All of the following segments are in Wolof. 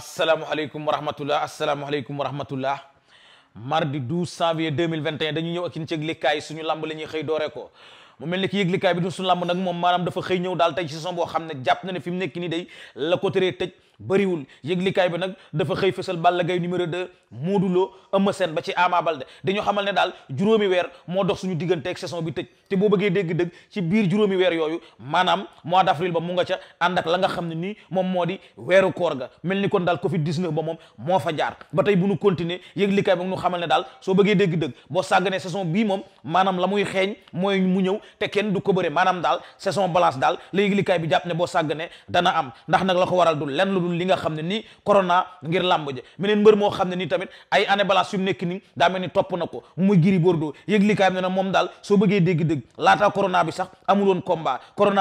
asalaamaaleykum wa rahmatullah asalaamaaleykum wa rahmatullah mardi 12 janvier 2021 dañu ñëw ak ci yëglikaay suñu lamb la ñuy xëy doore ko mu mel ni ki yëglikaay bi du suñu lamb nag moom maanaam dafa xëy ñëw daal tey ci saison boo xam ne jàpp na ne fi mu nekk nii day la ko tëree tëj bariwul yëglikaay bi nag dafa xëy fësal Balla Gaye numéro 2 Modou Lo Eumeu Sène ba ci Ama Baldé dañu xamal ne daal juróomi weer moo dox suñu diggante saison bi tëj te boo bëggee dégg-dëgg ci biir juróomi weer yooyu maanaam mois d'avril ba mu nga ca ànd la nga xam ne nii moom moo di weeru koor ga mel ni kon daal Covid 19 ba moom moo fa jaar ba tey bu nu continuer yëglikaay bi nu xamal ne daal soo bëggee dégg-dëgg boo sàgganee saison bii moom maanaam la muy xeeñ mooy mu ñëw te kenn du ko bëre maanaam daal saison balance daal la yëglikaay bi jàpp ne boo sàgganee dana am ndax nag la ko waral lenn dul li nga xam ne nii corona ngir làmb ja meneen mbër moo xam ne nii tamit ay année balance yu mu daa mel topp na ko muy Gris Bordeaux yëg li bi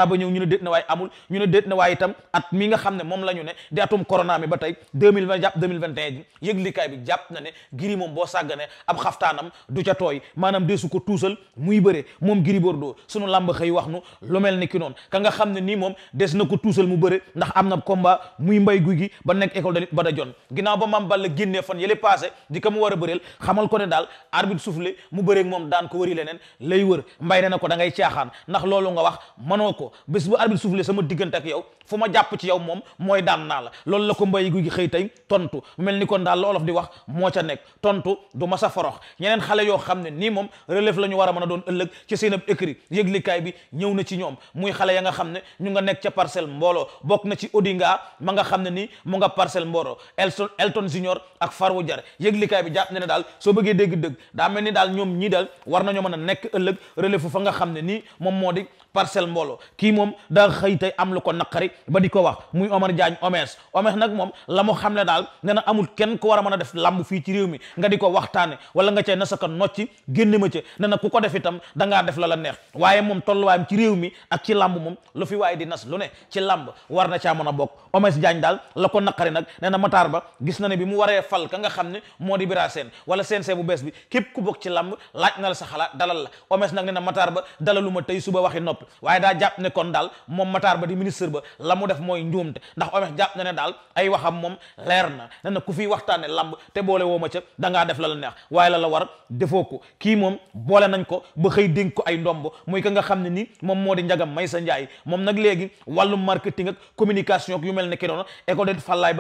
ba ñëw ñu ne déet na waaye amul ñu ne déet na waaye itam at mi nga xam ne moom la ñu ne di atum ba tey 2020 jàpp 2021 ji yëg li kaay bi na ne Gris moom boo sàggane ab xaftaanam du ca tooy maanaam deesu ko tuusal muy bëre mu bëre ndax am na combat muy mbay mbay guy gi ba nekk école ba da jon ginnaaw ba maam Balla génnee fan yële passé di mu war a bëreel xamal ko ne daal arbitre soufflé mu bëreeg moom daan ko wëri leneen lay wër mbay ne ko da ngay caaxaan ndax loolu nga wax manoo ko bés bu arbitre soufflé sama diggante ak yow fu ma jàpp ci yow moom mooy daan naa la loolu la ko mbay guy gi xëy tey tontu mel ni kon daal loolof di wax moo ca nekk tontu du ma sa forox ñeneen xale yoo xam ne nii moom relève la ñu war a mën a doon ëllëg ci seen ab écrit yëglikaay bi ñëw na ci ñoom muy xale ya nga xam ne ñu nga nekk ca parcelle mbooloo bokk ne ni mu nga parcelle Mboro Elton Elton Junior ak far Farou Jar kaay bi jàpp ne ne daal soo bëggee dégg dëgg daa mel ni daal ñoom ñii daal war nañoo mën a nekk ëllëg relève fu fa nga xam ne nii moom moo di parcelle mbooloo kii moom daa xëy am lu ko naqari ba di ko wax muy Omar Diagne Omes Omes nag moom la mu xam ne daal nee na amul kenn ku war a man a def lamb fii ci réew mi nga di ko waxtaane wala nga sa ko nocci génne ma ca nee ko def itam da ngaa def la la neex waaye moom tolluwaayam ci réew mi ak ci lamb moom lu fi waaye di nas lu ne ci lamb war na caa mën a bokk Omes Diagne daal la ko naqari nag nee na Matar Ba gis na ne bi mu waree fal ka nga xam ne moo di bira seen wala CNG bu bees bi képp ku bokk ci lamb laaj na la sa xalaat dalal la Omes nag nee na Matar Ba dalalu ma tey suba waxi nopp tontu waaye daa jàpp ne kon daal moom Matar ba di ministre ba la mu def mooy njuumte ndax omes jàpp na ne daal ay waxam moom leer na ne ku fi waxtaane lamb te boole woo ma ca da def la la neex waaye la la war defoo ko kii moom boole nañ ko ba xëy dénk ko ay ndomb muy ka nga xam ne ni moom moo di njagam may sa njaay moom nag léegi wàllu marketing ak communication ak yu mel ne ki noonu école de Fallaye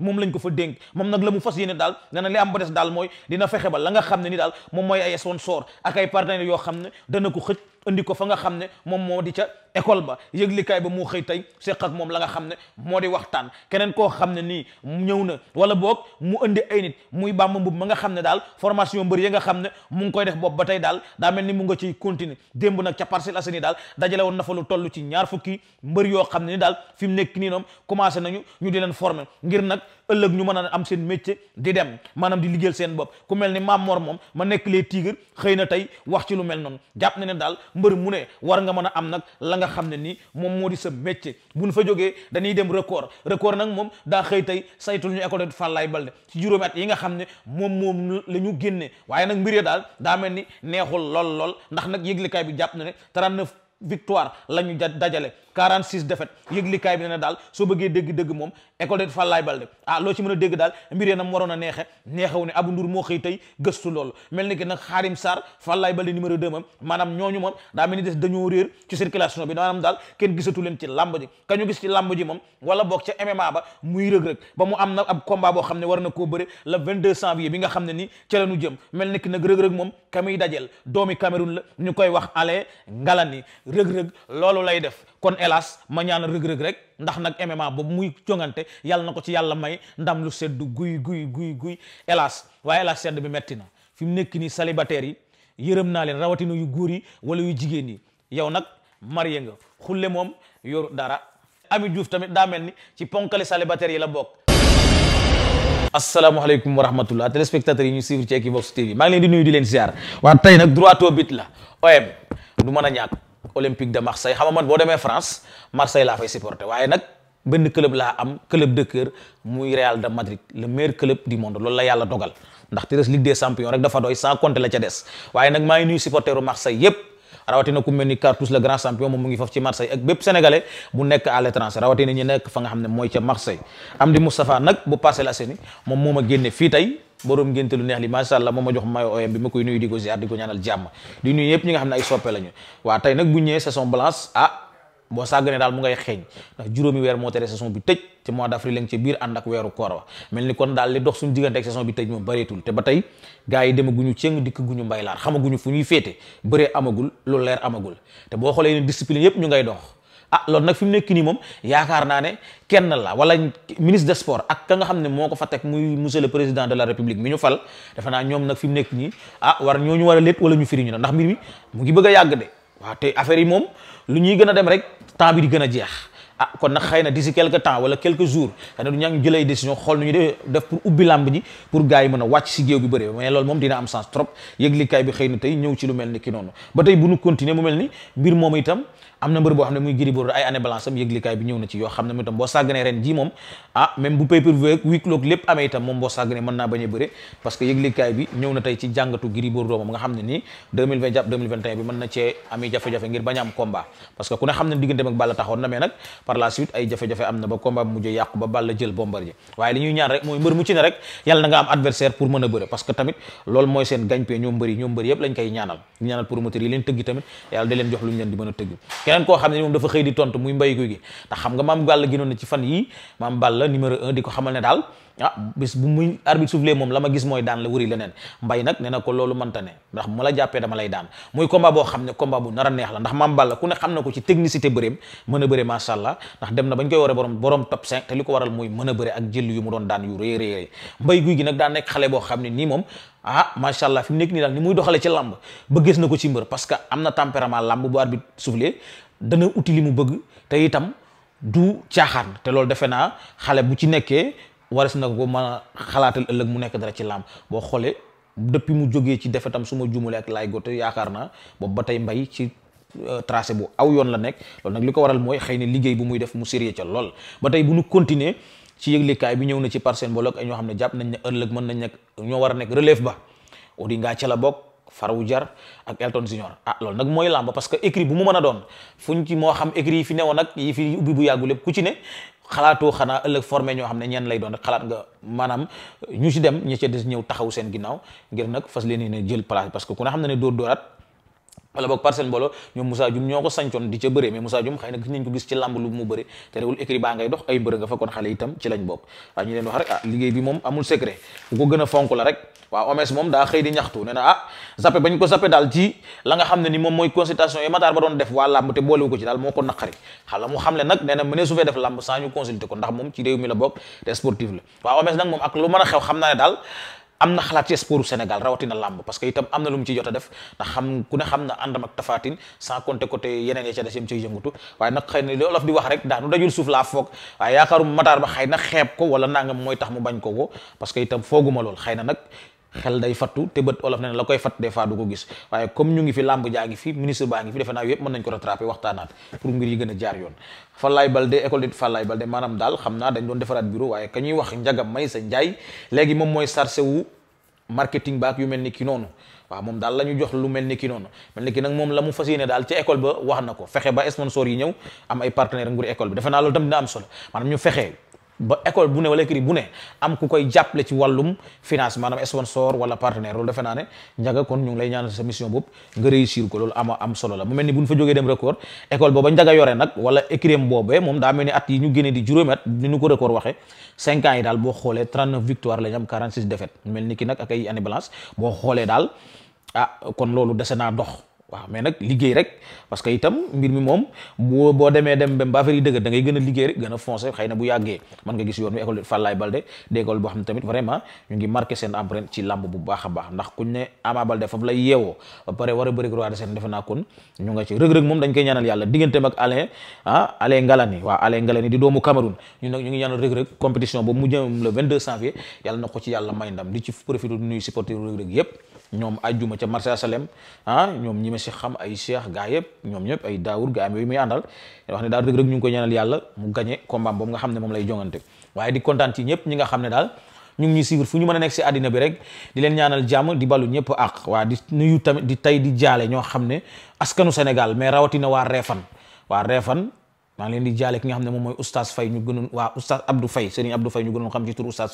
moom lañ ko fa dénk moom nag la mu fas yéene na li am ba mooy dina fexe ba xam ne ni daal moom mooy ay sponsor ak ay partenaires yoo xam ne dana ko xëj andi ko fa nga xam ne moom moom moo di ca école ba yëglikaay ba moo xëy tey seq ak moom la nga xam ne moo di waxtaan keneen koo xam ne nii ñëw na wala boog mu indi ay nit muy bàmba mbub ma nga xam ne daal formation mbër yi nga xam ne mu ngi koy def bopp ba tey daal daa mel ni mu nga ciy continuer démb nag ca Parcelles Assainies daal dajale woon na fa toll ci ñaar fukki mbër yoo xam ne ni daal fi mu nekk nii noom commencé nañu ñu di leen former ngir nag ëllëg ñu mën a am seen métier di dem maanaam di liggéeyal seen bopp ku mel ni maam Mor moom ma nekk les tigres xëy na tey wax ci lu mel noonu jàpp na ne daal mbër mu ne war nga mën a am nag la nga xam ne nii moom moo di sa métier bu nu fa jogee dañuy dem record record nag moom daa xëy tey saytul ñu école de Fallaye Balde ci juróomi at yi nga xam ne moom moom la ñu génnee waaye nag mbir daal daa mel ni neexul lool lool ndax nag yëglikaay bi jàpp na ne 39 victoire la ñu dajale 46 défaites yëglikaay bi ne na daal soo bëggee dégg-dégg moom école de Fallaye Balde ah loo ci mën a dégg daal mbir na mu waroon a neexe neexewu ne Abou Ndour moo xëy tey gëstu loolu mel ni ki nag Xaarim Sarr Fallaye Balde numéro 2 moom maanaam ñooñu moom daa mel ni des dañoo réer ci circulation bi maanaam daal kenn gisatu leen ci lamb ji ka ñu gis ci lamb ji moom wala boog rëg-rëg mu am nag ab combat boo xam ne war na koo bëre le 22 janvier bi nga xam ne ni ca la ñu jëm mel ni ki nag rëg-rëg moom ka muy dajel doomi Cameroun la ñu koy wax Alain ni rëg-rëg loolu lay def kon hélas ma ñaan rëg-rëg rek ndax nag MMA boobu muy jongante yàlla na ko ci yàlla may ndam lu sedd guy guy guy guy hélas waaye hélas sedd bi metti na fi mu nekk nii célibataire yi yërëm naa leen rawatina yu góor yi wala yu jigéen yi yow nag marié nga xulle moom yoru dara Ami Diouf tamit daa mel ni ci ponkali célibataire yi la bokk asalaamaaleykum wa rahmatullah téléspectateurs yi ñu suivre ci Equivox TV maa ngi leen di nuyu di leen ziar waa tey nag droit au la OM du mën a ñàkk olympique de marseille xam boo demee france marseille laa fay supporter waaye nag benn club laa am club de muy Real de Madrid le meilleur club du monde loolu la yàlla dogal ndax te des ligue des rek dafa doy sans compter la ca des waaye nag maa ngi supporteru marseille yépp rawatina ku mel ni Cartouche le grand champion moom mu ngi foofu ci Marseille ak bépp sénégalais bu nekk à l'étranger rawatina ñu nekk fa nga xam ne mooy ca Marseille Amdi Moustapha nag bu passé la seeni moom moo génne fii tey boroom ngénte lu neex li macha allah moom ma jox mayo OM bi koy nuyu di ko ziar ñaanal jàmm di nuyu yëpp ñi nga xam ne ay soppe lañu waa tey nag bu ñëwee saison blanche ah boo sàgganee daal mu ngay xeeñ ndax juróomi weer moo tere saison bi tëj te mois d'avril lañ ci biir ànd ak weeru koor wa mel ni kon daal li dox suñu diggante ak saison bi tëj moom bareetul te ba tey gars yi demaguñu céng dikk guñu mbay laar xamaguñu fu ñuy féete bëree amagul lu leer amagul te boo xoolee ne discipline yépp ñu ngay dox ah loolu nag fi mu nekk nii moom yaakaar naa ne kenn la wala ministre des sports ak ka nga xam ne moo ko fa teg muy monsieur le président de la république mi ñu fal defe naa ñoom nag fi mu nekk nii ah war ñooñu war a ñu firi ñu ndax mbir mi mu ngi bëgg a waaw tey affaire yi moom lu ñuy gën a dem rek temps bi di gën a jeex ah kon nag xëy na d'ici quelque temps wala quelques jours xëy na du ñaa ngi jëlay décision xool nu ñu def def pour ubbi làmb ji pour gars yi mën wàcc si géew bi bëri mais moom dina am sens trop yëglikaay bi xëy na ci lu mel ni ki noonu ba xam ne muy Gris Bordeaux ay année bi ñëw na ci yoo xam ne mu itam boo sàgganee ren ji moom ah même bu pay-per-view ak lépp amee itam moom boo sàgganee mën naa bañ a bëre parce que yëglikaay bi ñëw na tey ci jàngatu Gris Bordeaux moom nga xam ne nii 2020 jàpp 2021 mën na cee ami jafe-jafe ngir bañ a am na par la suite ay jafe-jafe am na ba combat bi mujjee yàqu ba Balla jël Bombardier waaye li ñuy ñaan rek mooy mbër mu ci ne rek yàlla na nga am adversaire pour mën a bëre parce que tamit loolu mooy seen gagne-pain ñoom mbër ñoom mbër yëpp lañ koy ñaanal di ñaanal promoteur yi leen tëgg tamit yàlla da jox lu ñu leen di mën a tëgg keneen koo xam ne moom dafa xëy di tontu muy mbay guy gi ndax xam nga maam Balla ginoon na ci fan yi maam Balla numéro di ah bis bu muy arbitre soufflé moom la ma gis mooy daan la wuri leneen mbay nag nee na ko loolu mënta ne ndax mu la jàppee dama lay daan muy combat boo xam ne combat bu nar a neex la ndax Mame Balla ku ne xam na ko ci technicité bëreem mën a bëre macha allah ndax dem na bañ koy waree borom borom top 5 te li ko waral muy mën a bëre ak jëll yu mu doon daan yu rëy rëy mbay guy gi nag daa nekk xale boo xam ne nii moom ah macha allah fi mu nekk nii daal ni muy doxale ci lamb ba ko ci mbër parce que am na tempérament lamb bu arbitre soufflé dana uti li mu bëgg te itam du caaxaan te loolu defe naa xale bu ci nekkee waras na ko mën a xalaatal ëllëg mu nekk dara ci làmp boo xoolee depuis mu jógee ci defetam su suma juumale ak laay gote yaakaar naa boobu ba tey mbay ci euh, tracé bu aw yoon la nekk loolu nag li ko waral mooy xëy na liggéey bu muy def mu sérieux ca lool ba tey bu ñu continuer ci yëglikaay bi ñëw na ci par seen mbooloo ñoo xam ne jàpp nañ ne ëllëg mën nañ nekk ñoo war a nekk relève ba Odi ngaa ca la bokk Farou Jar ak Elton Junior ah loolu nag mooy làmb parce que écrit bu mu mën a doon fuñ ci moo xam écrit yi fi newoon ak yi fi bu yàggu lépp ku xalaatoo xanaa ëllëg formé ñoo xam ne ñeen lay doon rek xalaat nga maanaam ñu ci dem ñi ci des ñëw taxaw seen ginnaaw ngir nag fas leen ne jël place parce que ku ne xam ne ne dóor dóoraat wala boog parcelle mbooloo ñoom Moussa ñoo ko sancoon di ca bëree mais Moussa Dioum xëy na gis nañ ko gis ci làmb lu mu bëri te rewul écrit baa ngay dox ay mbërë nga fa kon xale itam ci lañ bokk waaw ñu leen wax rek ah liggéey bi moom amul secret ku ko gën fonk la rek waaw OMS moom daa xëy di ñaxtu nee na ah zappe bañ ko zappe daal ci la xam ne ni moom mooy consultation yi Matar ba doon def waa làmb te boolewu ko ci daal moo ko naqari xam la mu xam le na a xew xam naa ne na làmb parce que itam am na lu mu ci jot a def ndax xam ku ne xam na àndam ak tafaatin sans compter côté yeneen ya ca des yam ciy yëngatu waaye nag xëy na li olof di wax rek ndax nu dajul suuf laa foog waaye yaakaaru Matar ba xëy na xeeb ko wala nangam mooy tax mu bañ ko ko parce que itam fooguma lool xëy na nag xel day fattu te bët olof ne la koy fatt des fois du ko gis waaye comme ñu ngi fi làmb jaa ngi fi ministre baa ngi fi defe naa yëpp mën nañ ko rattraper waxtaanaat pour mbir yi gën a jaar yoon Fallaye Balde moom mooy sarse wu marketing baak yu mel ni ki noonu waaw moom daal la ñu jox lu mel ni ki noonu mel ni ki la mu fas yéene daal ca école ba wax na ko fexe ba sponsor yi ñëw am ay partenaire école bi defe naa loolu tam dina am solo maanaam ñu fexe ba école bu ne wala écrit bu ne am ku koy jàppale ci wàllum finance maanaam sponsor wala partenaire loolu defe naa ne njaga kon ñu ngi lay ñaanal sa mission boobu nga réussir ko loolu ama am solo la mu mel ni buñ fa jógee dem record école booba njaga yore nag wala écriam boobee moom daa mel ni at yi ñu génnee di juróomi at ni ñu ko record waxee cinq ans yi daal boo xoolee 39 victoire la ñu am 46 défaite mel ni ki nag ak ay année balance boo xoolee daal ah kon loolu dese naa dox waaw mais nag liggéey rek parce que itam mbir mi moom boo boo demee dem ba affaire yi dëgg da ngay liggéey rek gën a foncé na bu yàggee mën nga gis yoon wi école Fallaye Balde di école boo xam ne tamit vraiment ñu ngi marqué seen empreinte ci làmb bu baax a baax ndax kuñ ne Ama Balde foofu la yeewoo ba pare war a bëri roi des arènes defe naa kon ñu nga ñaanal yàlla digganteem ak Alain ah Ngalani waaw Alain Ngalani di doomu Cameroun ñu ngi ñaanal ma si xam ay Cheikh gaa yëpp ñoom ñëpp ay Daawur gaa yooyu muy àndal wax ne daal rek rek ñu ngi ko ñaanal yàlla mu gagné combat boobu nga xam ne moom lay jongante waaye di kontaan ci ñëpp ñi nga xam ne daal ñu ngi ñuy fu ñu mën a nekk si àddina bi rek di leen ñaanal jàmm di balu ñëpp ak waa di nuyu tamit di tey di jaale ñoo xam ne askanu Sénégal mais rawatina waa Réfan waa Réfan maa leen di jaale ki nga xam ne moom mooy oustaz Faye ñu gënoon waa oustaz Abdou Faye Serigne Abdou Faye ñu gënoon xam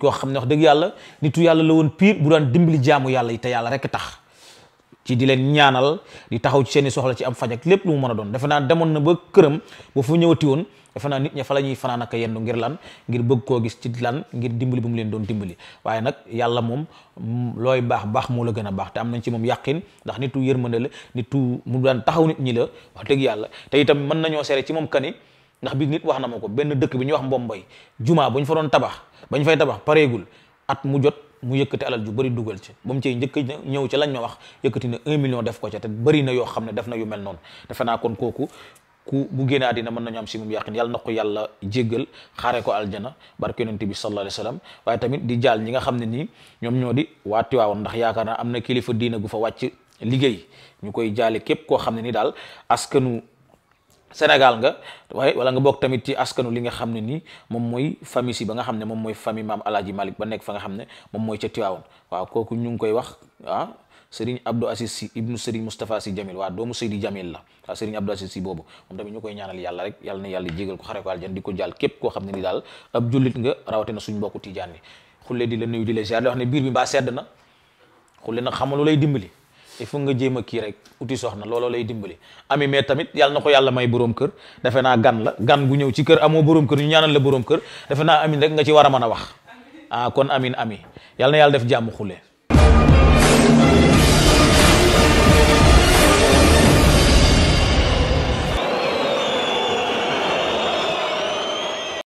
xam ne dëgg yàlla nitu yàlla la woon pire bu daan ci di leen ñaanal di taxaw ci seeni soxla ci am faj ak lépp lu mu mën a doon defe naa demoon na ba këram ba fu ñëwati woon defe naa nit ña fa la fanaanaka fanaan ak yendu ngir lan ngir bëgg koo gis ci lan ngir dimbali bu mu leen doon dimbali waaye nag yàlla moom looy baax baax moo la gën a baax te am nañ ci moom yàqin ndax nitu yërmande la nitu mu daan taxaw nit ñi la wax dëgg yàlla te itam mën nañoo seere ci moom kani ndax bi nit wax na ma ko benn dëkk bi ñuy wax Mbombay juma bu ñu fa doon tabax bañ fay tabax pareegul mu yëkkati alal ju bëri dugal ci ba mu cey njëkk ñëw ci lañ ma wax yëkkati na un million def ko ca te bëri na yoo xam ne def na yu mel noonu defe naa kon kooku ku bu génne àddina mën na am si moom yàqin yàlla na ko yàlla jéggal xaare ko aljana barke yonent bi sallallahu alayhi wasallam waaye tamit di jaal ñi nga xam ne nii ñoom ñoo di waa Tiwaawan ndax yaakaar naa am na kilifa diina gu fa wàcc liggéey ñu koy jaale képp koo xam ne ni daal askanu Sénégal nga waaye wala nga bokk tamit ci askanu li nga xam ne nii moom mooy famille si ba nga xam ne moom mooy famille maam Alaaji Malik ba nekk fa nga xam ne moom mooy ca Tiwaawoon waaw kooku ñu ngi koy wax ah Serigne waa doomu Seydi Jamil la waaw koy ñaanal yàlla rek yàlla na yàlla jégal ko xare ko aljan di koo xam ne ni daal ab jullit nga rawatina suñ mbokku Tijaan yi xulle di la nuyu di la ziar di wax ne biir bi mbaa na xulle nag xamalu lay dimbali il faut nga jéem a kii rek uti soxna looloo lay dimbali ami mais tamit yàlla na ko yàlla may borom kër defe naa gan la gan gu ñëw ci kër amoo borom kër ñu ñaanal la borom kër defe naa amin rek nga ci war a mën a wax ah kon amin ami yàlla na yàlla def jàmm xule